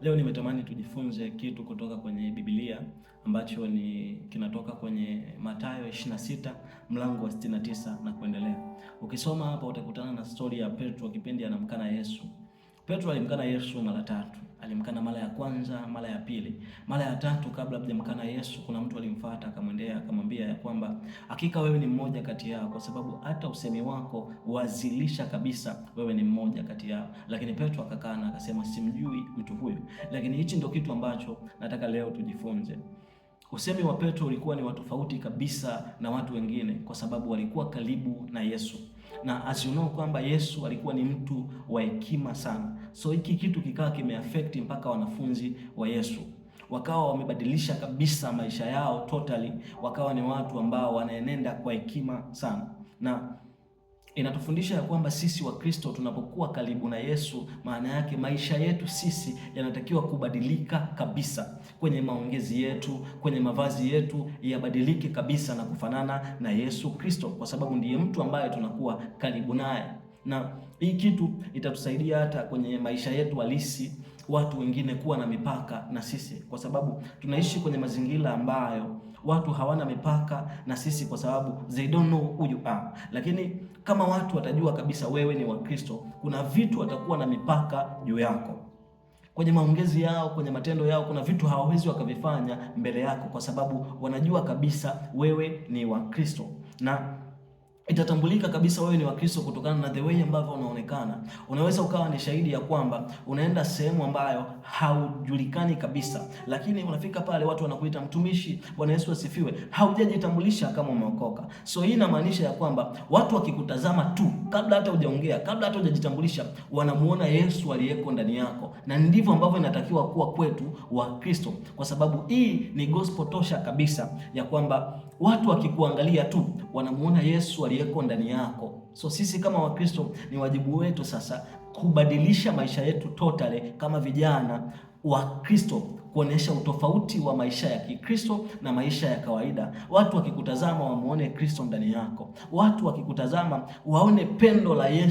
Leo nimetamani tujifunze kitu kutoka kwenye Biblia ambacho ni kinatoka kwenye Mathayo 26 mlango wa 69 na kuendelea. Ukisoma hapa utakutana na stori ya Petro kipindi anamkana Yesu. Petro alimkana Yesu mara tatu alimkana mara ya kwanza, mara ya pili, mara ya tatu. Kabla hajamkana Yesu, kuna mtu alimfuata akamwendea, akamwambia ya kwamba hakika wewe ni mmoja kati yao, kwa sababu hata usemi wako wazilisha kabisa wewe ni mmoja kati yao. Lakini Petro akakana akasema, simjui mtu huyo. Lakini hichi ndio kitu ambacho nataka leo tujifunze. Usemi wa Petro ulikuwa ni wa tofauti kabisa na watu wengine, kwa sababu walikuwa karibu na Yesu, na as you know kwamba Yesu alikuwa ni mtu wa hekima sana, so hiki kitu kikawa kimeafekti mpaka wanafunzi wa Yesu wakawa wamebadilisha kabisa maisha yao totally, wakawa ni watu ambao wanaenenda kwa hekima sana na inatufundisha ya kwamba sisi wa kristo tunapokuwa karibu na Yesu, maana yake maisha yetu sisi yanatakiwa kubadilika kabisa, kwenye maongezi yetu, kwenye mavazi yetu yabadilike kabisa na kufanana na Yesu Kristo, kwa sababu ndiye mtu ambaye tunakuwa karibu naye, na hii kitu itatusaidia hata kwenye maisha yetu halisi, watu wengine kuwa na mipaka na sisi, kwa sababu tunaishi kwenye mazingira ambayo watu hawana mipaka na sisi, kwa sababu they don't know who you are. Lakini kama watu watajua kabisa wewe ni Wakristo, kuna vitu watakuwa na mipaka juu yako kwenye maongezi yao, kwenye matendo yao, kuna vitu hawawezi wakavifanya mbele yako, kwa sababu wanajua kabisa wewe ni Kristo na itatambulika kabisa wewe ni Wakristo kutokana na the way ambavyo unaonekana. Unaweza ukawa ni shahidi ya kwamba unaenda sehemu ambayo haujulikani kabisa, lakini unafika pale watu wanakuita mtumishi, Bwana Yesu asifiwe, haujajitambulisha kama umeokoka. So hii inamaanisha ya kwamba watu wakikutazama tu, kabla hata hujaongea, kabla hata hujajitambulisha, wanamuona Yesu aliyeko ndani yako, na ndivyo ambavyo inatakiwa kuwa kwetu Wakristo, kwa sababu hii ni gospel tosha kabisa ya kwamba watu wakikuangalia tu wanamuona Yesu aliyeko ndani yako. So sisi kama Wakristo ni wajibu wetu sasa kubadilisha maisha yetu totally kama vijana wa Kristo kuonesha utofauti wa maisha ya Kikristo na maisha ya kawaida. Watu wakikutazama wamuone Kristo ndani yako. Watu wakikutazama waone pendo la Yesu.